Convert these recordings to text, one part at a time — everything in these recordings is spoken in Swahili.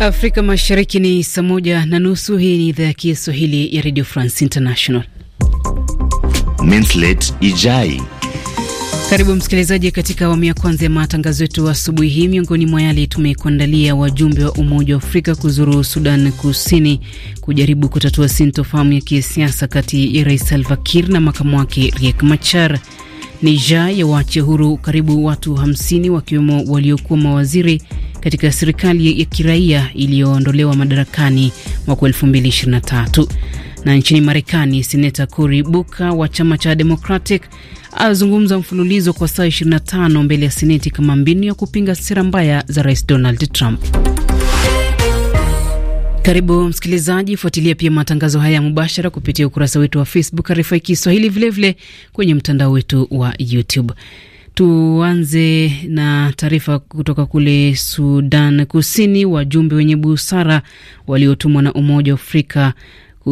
Afrika Mashariki ni saa moja na nusu. Hii ni idhaa ya Kiswahili ya Radio France International. Mintlet Ijai. Karibu msikilizaji, katika awamu ya kwanza ya matangazo yetu asubuhi hii. Miongoni mwa yale tumekuandalia: wajumbe wa Umoja wa Afrika kuzuru Sudan Kusini kujaribu kutatua sintofahamu ya kisiasa kati ya Rais Salva Kiir na makamu wake Riek Machar. Niger wache huru karibu watu 50 wakiwemo waliokuwa mawaziri katika serikali ya kiraia iliyoondolewa madarakani mwaka 2023. Na nchini Marekani, seneta Cory Booker wa chama cha Democratic azungumza mfululizo kwa saa 25 mbele ya seneti kama mbinu ya kupinga sera mbaya za Rais Donald Trump. Karibu msikilizaji, fuatilia pia matangazo haya mubashara kupitia ukurasa wetu wa Facebook RFI Kiswahili, vilevile kwenye mtandao wetu wa YouTube. Tuanze na taarifa kutoka kule Sudan Kusini. Wajumbe wenye busara waliotumwa na Umoja wa Afrika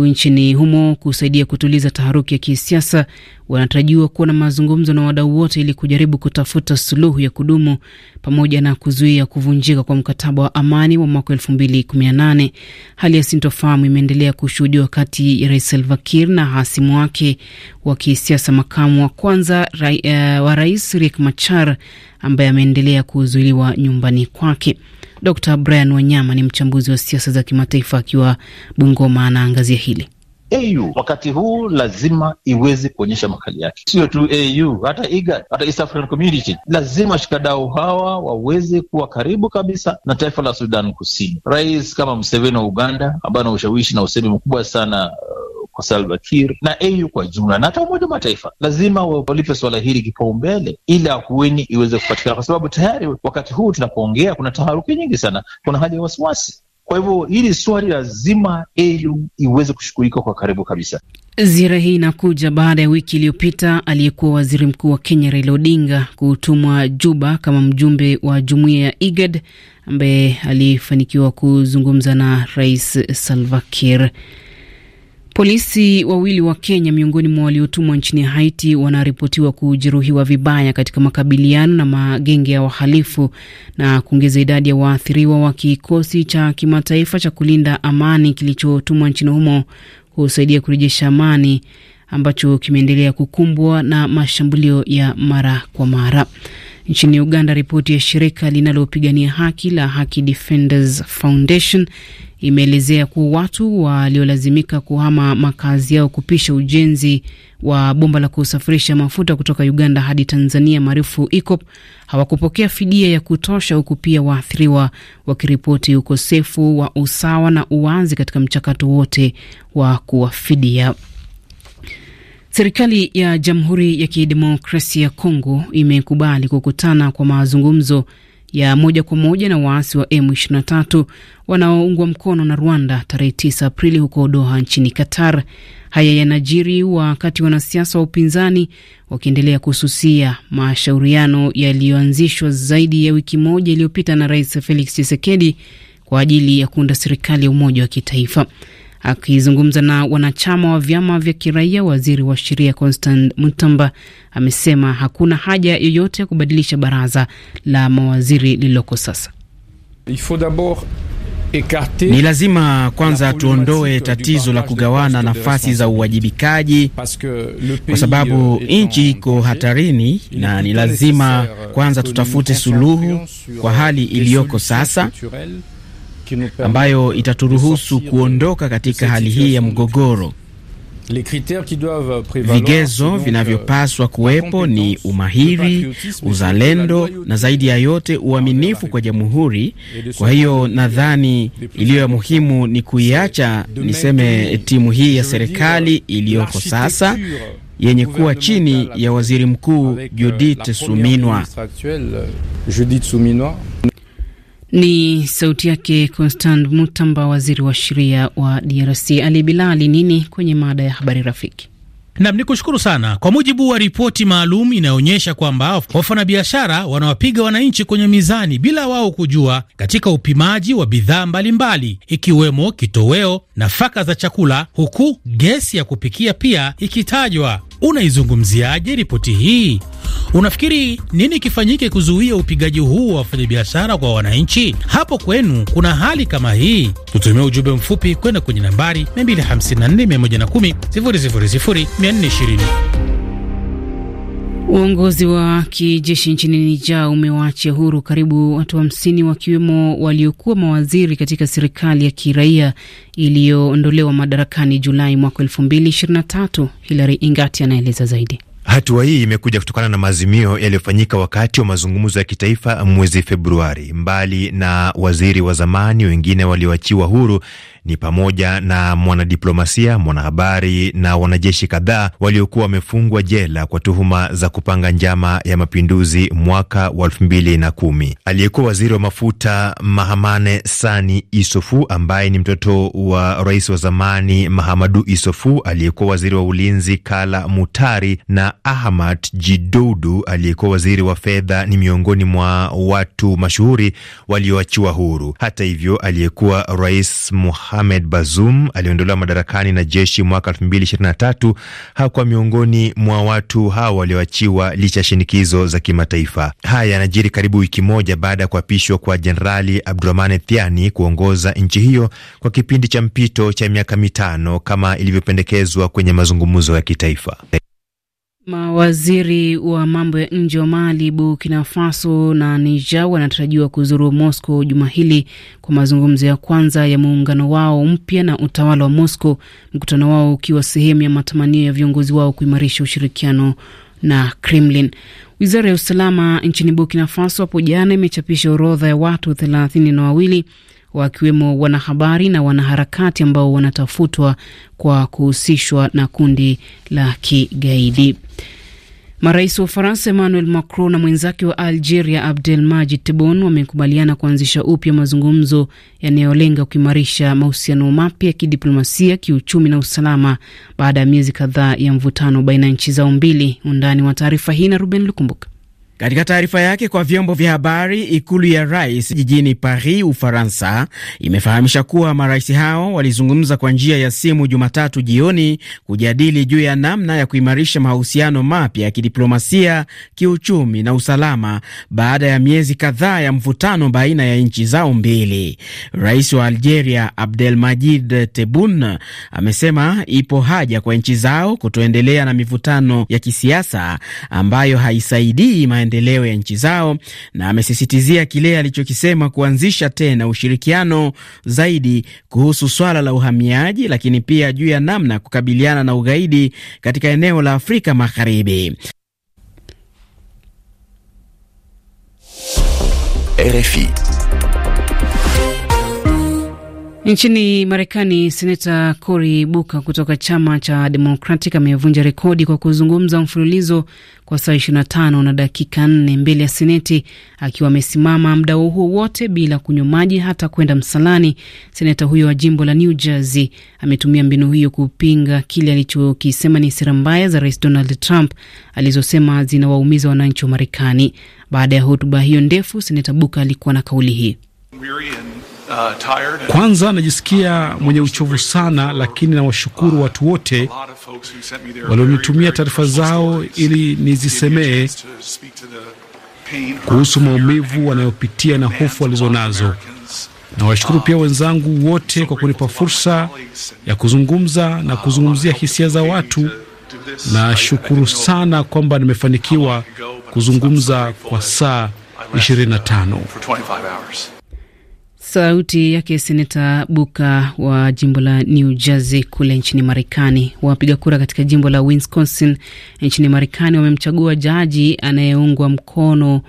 nchini humo kusaidia kutuliza taharuki ya kisiasa. Wanatarajiwa kuwa na mazungumzo na wadau wote ili kujaribu kutafuta suluhu ya kudumu pamoja na kuzuia kuvunjika kwa mkataba wa amani wa mwaka 2018. Hali ya sintofahamu imeendelea kushuhudiwa kati ya Rais Salva Kiir na hasimu wake wa kisiasa, makamu wa kwanza rai, uh, wa rais Riek Machar ambaye ameendelea kuzuiliwa nyumbani kwake. Dr Brian Wanyama ni mchambuzi wa siasa za kimataifa akiwa Bungoma, anaangazia hili. AU wakati huu lazima iweze kuonyesha makali yake, sio tu AU, hata IGAD, hata East African Community. Lazima washikadau hawa waweze kuwa karibu kabisa na taifa la Sudan Kusini. Rais kama Museveni wa Uganda, ambaye ana ushawishi na usemi mkubwa sana kwa Salva Kiir na AU kwa jumla na hata Umoja wa Mataifa lazima walipe suala hili kipaumbele, ili ahueni iweze kupatikana, kwa sababu tayari wakati huu tunapoongea kuna taharuki nyingi sana, kuna hali ya wasiwasi. Kwa hivyo hili swali lazima AU iweze kushughulika kwa karibu kabisa. Ziara hii inakuja baada ya wiki iliyopita aliyekuwa waziri mkuu wa Kenya Raila Odinga kutumwa Juba kama mjumbe wa jumuiya ya IGAD ambaye alifanikiwa kuzungumza na Rais Salva Kiir. Polisi wawili wa Kenya miongoni mwa waliotumwa nchini Haiti wanaripotiwa kujeruhiwa vibaya katika makabiliano na magenge ya wahalifu na kuongeza idadi ya waathiriwa wa kikosi cha kimataifa cha kulinda amani kilichotumwa nchini humo kusaidia kurejesha amani ambacho kimeendelea kukumbwa na mashambulio ya mara kwa mara. Nchini Uganda, ripoti ya shirika linalopigania haki la Haki Defenders Foundation imeelezea kuwa watu waliolazimika kuhama makazi yao kupisha ujenzi wa bomba la kusafirisha mafuta kutoka Uganda hadi Tanzania maarufu EACOP hawakupokea fidia ya kutosha, huku pia waathiriwa wakiripoti ukosefu wa usawa na uwazi katika mchakato wote wa kuwafidia. Serikali ya Jamhuri ya Kidemokrasia ya Kongo imekubali kukutana kwa mazungumzo ya moja kwa moja na waasi wa M23 wanaoungwa mkono na Rwanda tarehe 9 Aprili huko Doha nchini Qatar. Haya yanajiri wakati wanasiasa wa upinzani wakiendelea kususia mashauriano yaliyoanzishwa zaidi ya wiki moja iliyopita na Rais Felix Tshisekedi kwa ajili ya kuunda serikali ya umoja wa kitaifa. Akizungumza na wanachama wa vyama vya kiraia, waziri wa sheria Constant Mutamba amesema hakuna haja yoyote ya kubadilisha baraza la mawaziri lililoko sasa. Ni lazima kwanza tuondoe tatizo la kugawana nafasi za uwajibikaji, kwa sababu nchi iko hatarini, na ni lazima kwanza tutafute suluhu kwa hali iliyoko sasa ambayo itaturuhusu kuondoka katika hali hii ya mgogoro. Vigezo vinavyopaswa euh, kuwepo ni umahiri, uzalendo na zaidi ya yote uaminifu kwa jamhuri. Kwa hiyo nadhani iliyo ya muhimu ni kuiacha, niseme, eh, timu hii ya serikali iliyoko sasa yenye kuwa chini ya waziri mkuu euh, euh, Judith Suminwa. Ni sauti yake Constant Mutamba, waziri wa sheria wa DRC. Ali Bilali, nini kwenye mada ya habari rafiki? Nam, ni kushukuru sana. Kwa mujibu wa ripoti maalum inayoonyesha kwamba wafanyabiashara wanawapiga wananchi kwenye mizani bila wao kujua, katika upimaji wa bidhaa mbalimbali ikiwemo kitoweo, nafaka za chakula, huku gesi ya kupikia pia ikitajwa. Unaizungumziaje ripoti hii? Unafikiri nini kifanyike kuzuia upigaji huu wa wafanyabiashara kwa wananchi? Hapo kwenu kuna hali kama hii? Tutumia ujumbe mfupi kwenda kwenye nambari 254 110 000 420. Uongozi wa kijeshi nchini nija umewaachia huru karibu watu hamsini wakiwemo waliokuwa mawaziri katika serikali ya kiraia iliyoondolewa madarakani Julai mwaka elfu mbili ishirini na tatu. Hilary Ingati anaeleza zaidi. Hatua hii imekuja kutokana na maazimio yaliyofanyika wakati wa mazungumzo ya kitaifa mwezi Februari. Mbali na waziri wa zamani, wengine walioachiwa huru ni pamoja na mwanadiplomasia, mwanahabari na wanajeshi kadhaa waliokuwa wamefungwa jela kwa tuhuma za kupanga njama ya mapinduzi mwaka wa elfu mbili na kumi. Aliyekuwa waziri wa mafuta Mahamane Sani Isofu ambaye ni mtoto wa rais wa zamani Mahamadu Isofu, aliyekuwa waziri wa ulinzi Kala Mutari na Ahmad Jidoudu aliyekuwa waziri wa fedha ni miongoni mwa watu mashuhuri walioachiwa huru. Hata hivyo, aliyekuwa rais Muhammad Ahmed Bazoum aliondolewa madarakani na jeshi mwaka 2023 hakuwa miongoni mwa watu hao walioachiwa licha ya shinikizo za kimataifa. Haya yanajiri karibu wiki moja baada ya kuapishwa kwa Jenerali Abdurahmane Thiani kuongoza nchi hiyo kwa kipindi cha mpito cha miaka mitano kama ilivyopendekezwa kwenye mazungumzo ya kitaifa. Mawaziri wa mambo ya nje wa Mali, Burkina Faso na Niger wanatarajiwa kuzuru Moscow juma hili kwa mazungumzo ya kwanza ya muungano wao mpya na utawala wa Moscow, mkutano wao ukiwa sehemu ya matamanio ya viongozi wao kuimarisha ushirikiano na Kremlin. Wizara ya usalama nchini Burkina Faso hapo jana imechapisha orodha ya watu thelathini na wawili wakiwemo wanahabari na wanaharakati ambao wanatafutwa kwa kuhusishwa na kundi la kigaidi. Marais wa Ufaransa Emmanuel Macron na mwenzake wa Algeria abdel maji tebon wamekubaliana kuanzisha upya mazungumzo yanayolenga kuimarisha mahusiano mapya ya kidiplomasia, kiuchumi na usalama baada ya miezi kadhaa ya mvutano baina ya nchi zao mbili. Undani wa taarifa hii na Ruben Lukumbuka. Katika taarifa yake kwa vyombo vya habari, ikulu ya rais jijini Paris, Ufaransa, imefahamisha kuwa marais hao walizungumza kwa njia ya simu Jumatatu jioni kujadili juu ya namna ya kuimarisha mahusiano mapya ya kidiplomasia, kiuchumi na usalama baada ya miezi kadhaa ya mvutano baina ya nchi zao mbili. Rais wa Algeria Abdelmajid Tebboune amesema ipo haja kwa nchi zao kutoendelea na mivutano ya kisiasa ambayo haisaidii maendeleo ya nchi zao, na amesisitizia kile alichokisema kuanzisha tena ushirikiano zaidi kuhusu swala la uhamiaji, lakini pia juu ya namna kukabiliana na ugaidi katika eneo la Afrika Magharibi. RFI Nchini Marekani, senata Cory Booker kutoka chama cha Democratic amevunja rekodi kwa kuzungumza mfululizo kwa saa 25 na dakika 4 mbele ya Seneti akiwa amesimama muda huo wote bila kunywa maji hata kwenda msalani. senata huyo wa jimbo la New Jersey ametumia mbinu hiyo kupinga kile alichokisema ni sera mbaya za Rais Donald Trump alizosema zinawaumiza wananchi wa Marekani. Baada ya hotuba hiyo ndefu, senata Booker alikuwa na kauli hii. Uh, Kwanza najisikia mwenye uchovu sana, lakini nawashukuru watu wote walionitumia taarifa zao ili nizisemee kuhusu maumivu wanayopitia na hofu walizonazo. Nawashukuru pia um, wenzangu wote kwa kunipa fursa ya kuzungumza uh, na kuzungumzia hisia za watu. Nashukuru sana kwamba nimefanikiwa kuzungumza kwa saa 25. Sauti yake seneta Buka wa jimbo la New Jersey kule nchini Marekani. Wapiga kura katika jimbo la Wisconsin nchini Marekani wamemchagua jaji anayeungwa mkono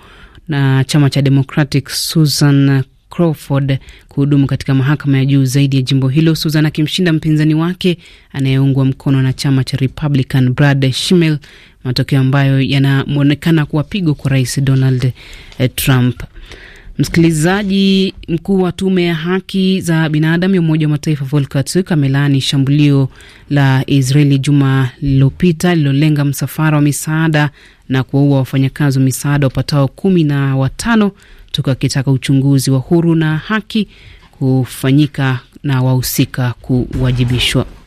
na chama cha Democratic Susan Crawford kuhudumu katika mahakama ya juu zaidi ya jimbo hilo, Susan akimshinda mpinzani wake anayeungwa mkono na chama cha Republican Brad schimel matokeo ambayo yanaonekana kuwa pigo kwa Rais Donald Trump. Msikilizaji, mkuu wa tume ya haki za binadamu ya Umoja wa Mataifa Volker Turk amelaani shambulio la Israeli juma lililopita lililolenga msafara wa misaada na kuwaua wafanyakazi wa misaada wapatao kumi na watano, Turk akitaka uchunguzi wa huru na haki kufanyika na wahusika kuwajibishwa.